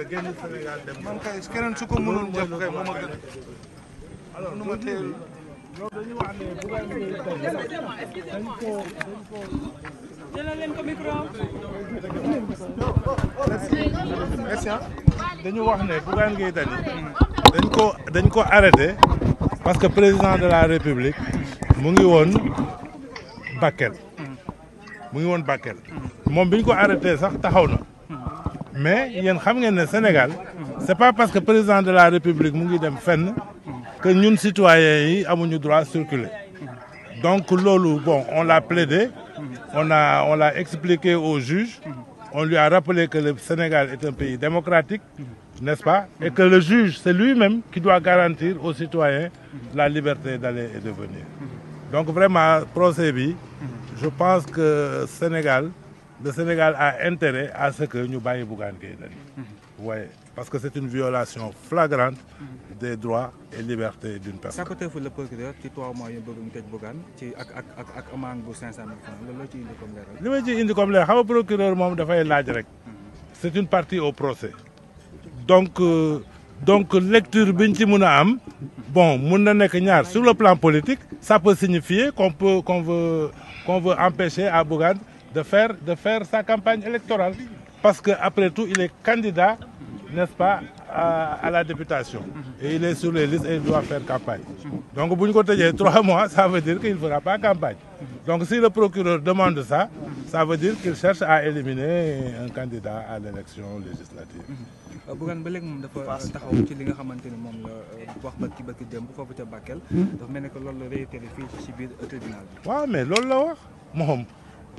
nga génn Sénégal dem. man kay alors nu dañu wax ne bu la ñuy dañ ko dañ ko. jëlal parce que président de la république mu ngi woon Bakel mu ngi woon Bakel moom bi ñu ko arrêté sax taxaw na mais yéen xam ngeen ne Sénégal c'est pas parce que président de la République mu ngi dem fenn que ñun citoyens yi amuñu droit circuler donc loolu bon on l'a plaidé on a on l'a expliqué au juge on lui a rappelé que le Sénégal est un pays démocratique n'est-ce pas et que le juge c'est lui-même qui doit garantir aux citoyens la liberté d'aller et de venir donc vraiment procès bi je pense que Sénégal le Sénégal a intérêt à ce que ñu bàyyi Bougane Gueye Dany waaye mhm. parce que c'est une violation flagrante mhm. des droits et libertés d'une personne. sàkkateefu le procureur ci trois mois yu bëgg ñu tëj Bougane ci ak ak ak ak bu cinq cent li ma ci indi comme leeral xam nga procureur moom dafay laaj rek. Mhm. c'est une partie au procès. donc euh, donc lecture biñ ci mën a am. bon mun na nekk ñaar sur le plan politique ça peut signifier qu'on peut qu'on veut empêcher à Bougane de faire, de faire sa campagne électorale. Parce qu'après tout, il est candidat, n'est-ce pas, à, à, la députation. Et il est sur les listes et il doit faire campagne. Donc, pour une trois mois, ça veut dire qu'il ne fera pas campagne. Donc, si le procureur demande ça, ça veut dire qu'il cherche à éliminer un candidat à l'élection législative. Euh, Bougane ba léegi moom dafa taxaw ci li nga xamante ni moom euh, wax ba kii ba kii démb foofu Bakel. Hmm? dafa mel ne que loolu la réitéré biir tribunal bi. waaw mais loolu la wax moom.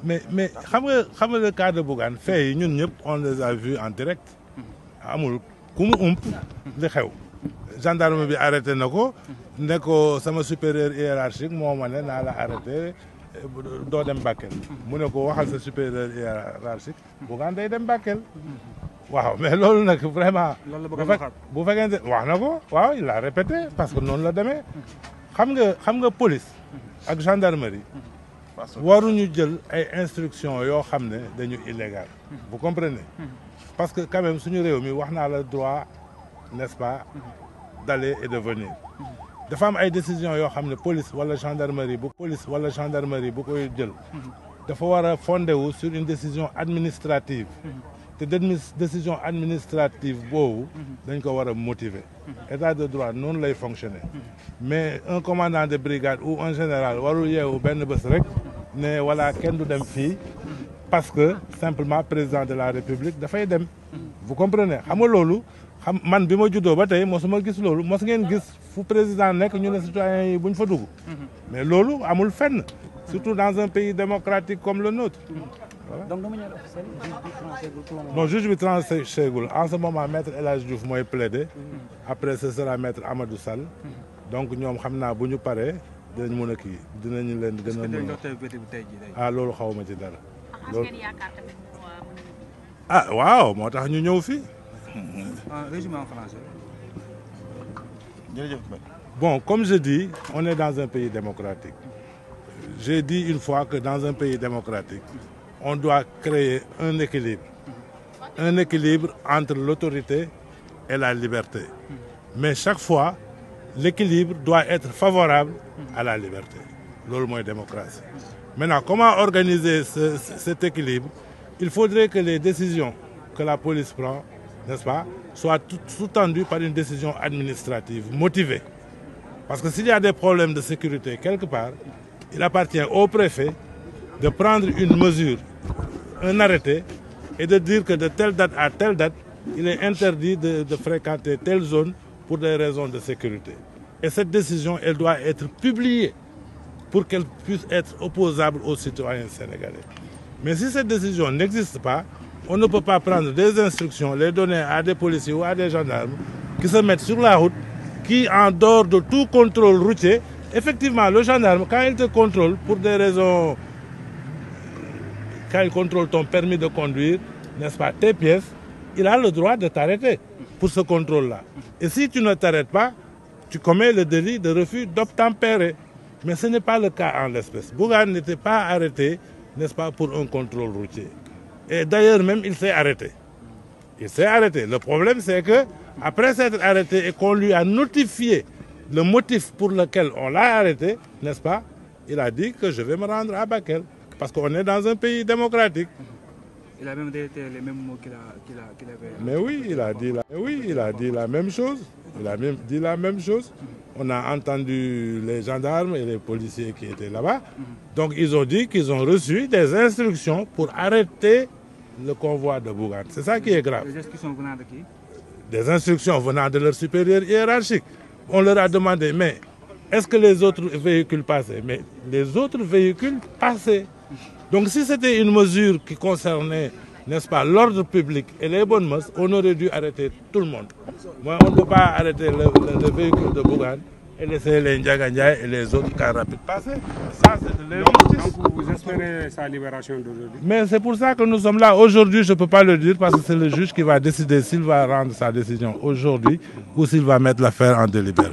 mais mais xam nga xam nga le cas de Bougane fait ñun ñëpp on les a vus en direct amul ku ump li xew gendarme bi arrêté na ko ne ko sama supérieur hiérarchique moo ma ne naa la arrêté doo dem Bakel mu ne ko waxal sa supérieur hiérarchique Bougane day dem Bakel waaw mais loolu nag vraiment bu fekkente wax na ko waaw il a répété parce que noonu la demee xam nga xam nga police ak gendarmerie waruñu jël ay instructions yoo xam ne dañu illégal bu hmm. comprenez hmm. parce que quand suñu réew mi wax naa la droit nest pa pas hmm. et de venir dafa am ay décisions yoo xam ne police wala gendarmerie bu police wala gendarmerie bu koy jël dafa war a fondé wu sur une décision administrative te décision administrative boobu dañ ko war a motiver état de droit noonu lay fonctionner mais un commandant de brigade ou un général warul yeewu benn bës rek ne voilà kenn du dem fii parce que simplement président de la république dafay dem. vous comprenez xam nga loolu xam man bi ma juddoo ba tey ma gis loolu mos ngeen gis fu président nekk ñu ne citoyens yi buñ fa dugg. mais loolu amul fenn. surtout dans un pays démocratique comme le nôtre. voilà donc dama ñëw officiel non juge bi tranché en ce moment maître El Hadj Diouf mooy plaider. Mm-hmm. après ce sera maître Amadou Sall. Mm-hmm. donc ñoom xam naa bu ñu paree. dinañ mën a kii dinañ leen gën a mën a ah loolu xaw ma ci dara. loolu ah waaw tax ñu ñëw fii. Ah, en français. jërëjëf bon comme je dis on est dans un pays démocratique j'ai dit une fois que dans un pays démocratique on doit créer un équilibre un équilibre entre l'autorité et la liberté mais chaque fois l'équilibre doit être favorable à la liberté loolu mooy démocratie maintenant comment organiser ce, cet équilibre il faudrait que les décisions que la police prend n'est-ce pas soient sous-tendues par une décision administrative motivée parce que s'il y a des problèmes de sécurité quelque part il appartient au préfet de prendre une mesure un arrêté et de dire que de telle date à telle date il est interdit de, de fréquenter telle zone pour des raisons de sécurité. Et cette décision, elle doit être publiée pour qu'elle puisse être opposable aux citoyens sénégalais. Mais si cette décision n'existe pas, on ne peut pas prendre des instructions, les donner à des policiers ou à des gendarmes qui se mettent sur la route, qui, en dehors de tout contrôle routier, effectivement, le gendarme, quand il te contrôle pour des raisons, quand il contrôle ton permis de conduire, n'est-ce pas, tes pièces, il a le droit de t'arrêter. pour ce contrôle-là. Et si tu ne t'arrêtes pas, tu commets le délit de refus d'obtempérer. Mais ce n'est pas le cas en l'espèce. Bougane n'était pas arrêté, n'est-ce pas, pour un contrôle routier. Et d'ailleurs même, il s'est arrêté. Il s'est arrêté. Le problème, c'est que après s'être arrêté et qu'on lui a notifié le motif pour lequel on l'a arrêté, n'est-ce pas, il a dit que je vais me rendre à Bakel. Parce qu'on est dans un pays démocratique. Il a même dit les mêmes mots qu'il qu qu avait. Mais oui, euh, il a dit la, oui, il a dit la même chose. Il a même dit la même chose. On a entendu les gendarmes et les policiers qui étaient là-bas. Donc ils ont dit qu'ils ont reçu des instructions pour arrêter le convoi de Bougane. C'est ça qui est grave. Des instructions venant de qui? Des instructions venant de leur supérieur hiérarchique. On leur a demandé, mais est-ce que les autres véhicules passaient? Mais les autres véhicules passaient. Donc si c'était une mesure qui concernait, n'est-ce pas, l'ordre public et les bonnes mœurs, on aurait dû arrêter tout le monde. Moi, on ne peut pas arrêter le, véhicule de Bougane et les Ndiagandia et les autres cars rapides passer. Mais c'est pour ça que nous sommes là. Aujourd'hui, je ne peux pas le dire parce que c'est le juge qui va décider s'il va rendre sa décision aujourd'hui ou s'il va mettre l'affaire en délibéré.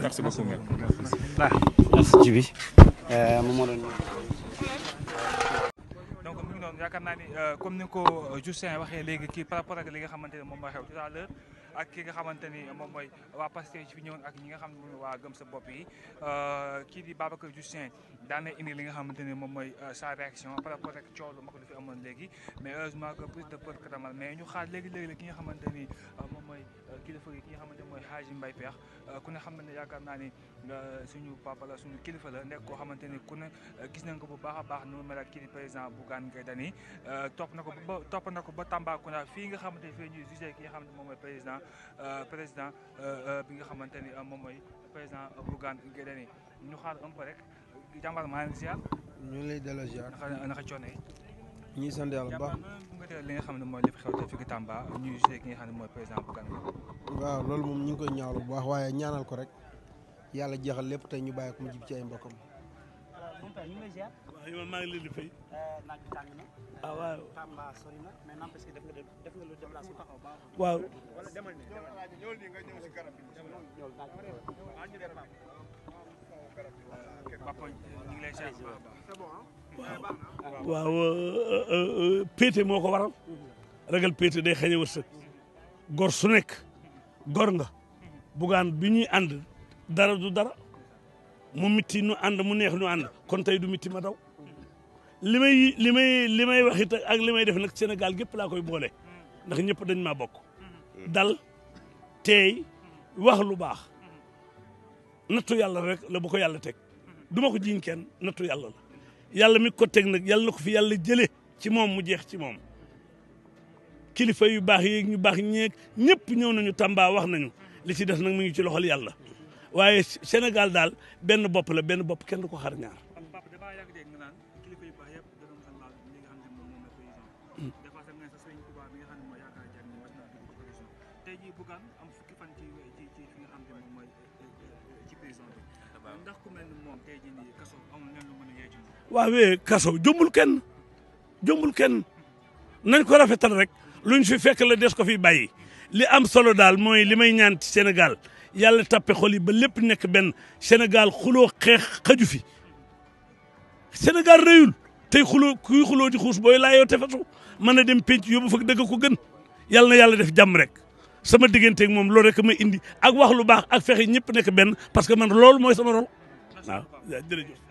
yaakaar naa ni euh, comme ni nga ko Justin waxee léegi kii par rapport ak li nga xamante ne moom moo xew tout à nga xamante ni moom mooy waa Pastef fi ñëwoon ak ñi nga xam ne waa gëm sa bopp yi euh, kii di Babacar Justin daan na indi li nga xamante ni moom mooy euh, sa réaction par rapport ak coow lu mag lu fi amoon léegi mais heureusement que plus de peur que mais ñu xaar léegi léegi la ki nga xamante ni mooy euh, kilifa gi ki nga xamante mooy Hadji mbay Pekh euh, ku ne xam ne yaakaar naa ni euh, suñu papa la suñu kilifa la nekk koo xamante ni ku ne gis nañ ko bu baax a baax nu mel ak kii di président Bougane Gueye Dany topp na ko ba topp na ko ba Tambacounda fii nga xamante ni fii ñuy jugé ki nga xamante moom mooy président président bi nga xamante ni moom mooy président Bougane Gueye Dany ñu xaar un peu rek jàmbaar maa ngi ziar. ñu ngi lay delloo ziar. naka naka coono yi. ñu ngi sant li nga xam ne mooy li fi xew tey fii Tamba ñuy jugé ki nga xam ne mooy président bu Gana waaw loolu moom ñu ngi koy ñaawlu bu baax waaye ñaanal ko rek yàlla jeexal lépp tey ñu bàyyi ko mu jib ci ay mbokkam. maa ngi leen di fay. Eh, ah waaw. Eh, waaw. waaw euh, euh, euh, péete moo ko waral ragal péete day xañ a wërsëg gor su nekk gor nga bugaan bi ñuy ànd dara du dara mu mitti nu ànd mu neex nu ànd kon tey du mitti ma daw li may li may li may wax ak li may def nag Sénégal gépp laa koy boole ndax ñëpp dañ ma bokk dal teey wax lu baax nattu yàlla rek la bu ko yàlla teg ma ko jiiñ kenn nattu yàlla yàlla mi ko teg nag yàlla na ko fi yàlla jëlee ci moom mu jeex ci moom kilifa yu baax yi ñu baax ñeeg ñëpp ñëw nañu Tamba wax nañu li ci des nag mu ngi ci loxol yàlla waaye Sénégal daal benn bopp la benn bopp kenn du ko xar ñaar. tey euh, kaso waaw kaso jombul kenn jombul kenn nañ ko rafetal rek luñ fi fekk la des ko fi bayi li am solo daal mooy li may ñaan ci senegal yàlla tappe xol yi ba lépp nekk benn senegal xuloo xeex xaju fi senegal rëyul tey xuloo kuy xuloo di xuus booy laayoo te fasu mën a dem penc yóbbu fa dëgg ko gën yàlla na yàlla def jàmm rek sama digganteeg moom loolu rek ma indi ak wax lu baax ak fexe ñëpp nekk benn parce que man loolu mooy sama rôle waaw jërëjëf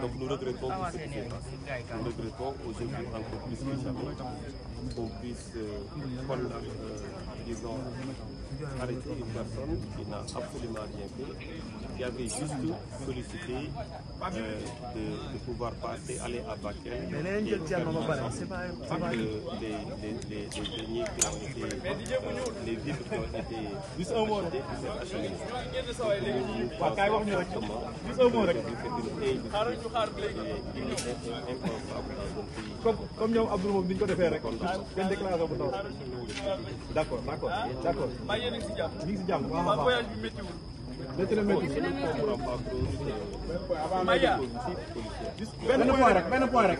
Donc nous regrettons que ce qui se passe. Nous regrettons aujourd'hui encore plus que jamais qu'on puisse disons, arrêter une personne qui n'a absolument rien fait, qui avait juste sollicité de, pouvoir passer, aller à Bakel. Et que les, les, les, derniers qui ont été, les vivres qui ont été achetés, waaw kaay wax ñu rek gis nga moom rek xaaral ñu xaar comme comme ñoom Abdou moom ni ñu ko defee rek benn déclaration bu taw d'accord d'accord d'accord. ñu ngi si jàmm waaw waaw voyage bi méttiwul benn point rek benn point rek.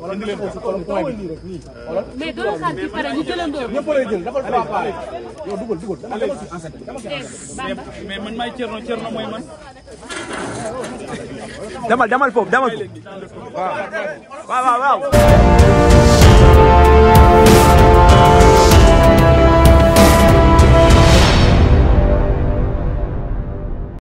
wala ñu leen foofu kon point bi. mais doo xaar ci pare ñu jëlandoo. ñëpp lay jël dafa la pare. yow dugal dugal dama dama ci enceinte dama ci enceinte. mais man maay Thierno Thierno mooy man. demal demal foofu demal foofu. waaw waaw waaw.